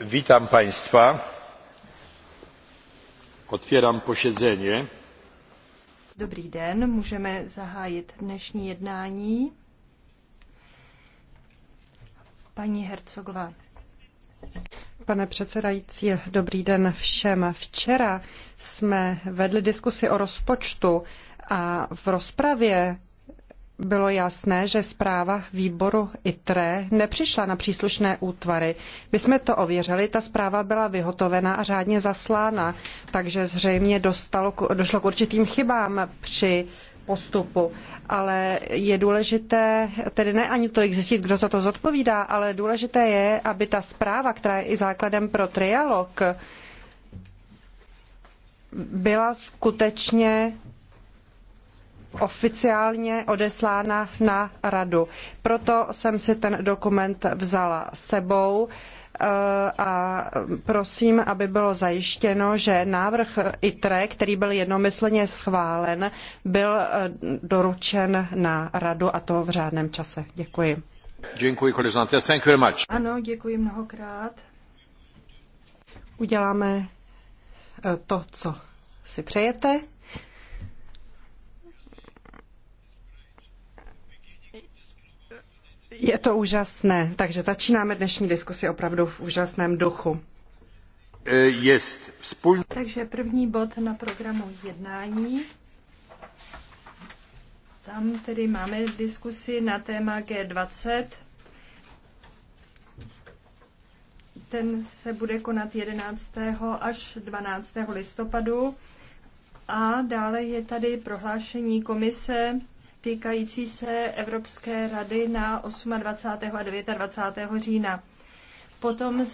witam państwa otwieram posiedzenie Dobrý den, můžeme zahájit dnešní jednání. Paní Hercogová. Pane předsedající, dobrý den všem. Včera jsme vedli diskusi o rozpočtu a v rozpravě bylo jasné, že zpráva výboru ITRE nepřišla na příslušné útvary. My jsme to ověřili, ta zpráva byla vyhotovena a řádně zaslána, takže zřejmě dostalo, došlo k určitým chybám při postupu. Ale je důležité, tedy ne ani tolik zjistit, kdo za to zodpovídá, ale důležité je, aby ta zpráva, která je i základem pro trialog, byla skutečně oficiálně odeslána na radu. Proto jsem si ten dokument vzala sebou eh, a prosím, aby bylo zajištěno, že návrh ITRE, který byl jednomyslně schválen, byl eh, doručen na radu a to v řádném čase. Děkuji. Děkuji, kolizante. Thank you very much. Ano, děkuji mnohokrát. Uděláme eh, to, co si přejete. Je to úžasné, takže začínáme dnešní diskusi opravdu v úžasném duchu. E, jest spolu. Takže první bod na programu jednání. Tam tedy máme diskusi na téma G20. Ten se bude konat 11. až 12. listopadu. A dále je tady prohlášení komise týkající se Evropské rady na 28. a 29. října. Potom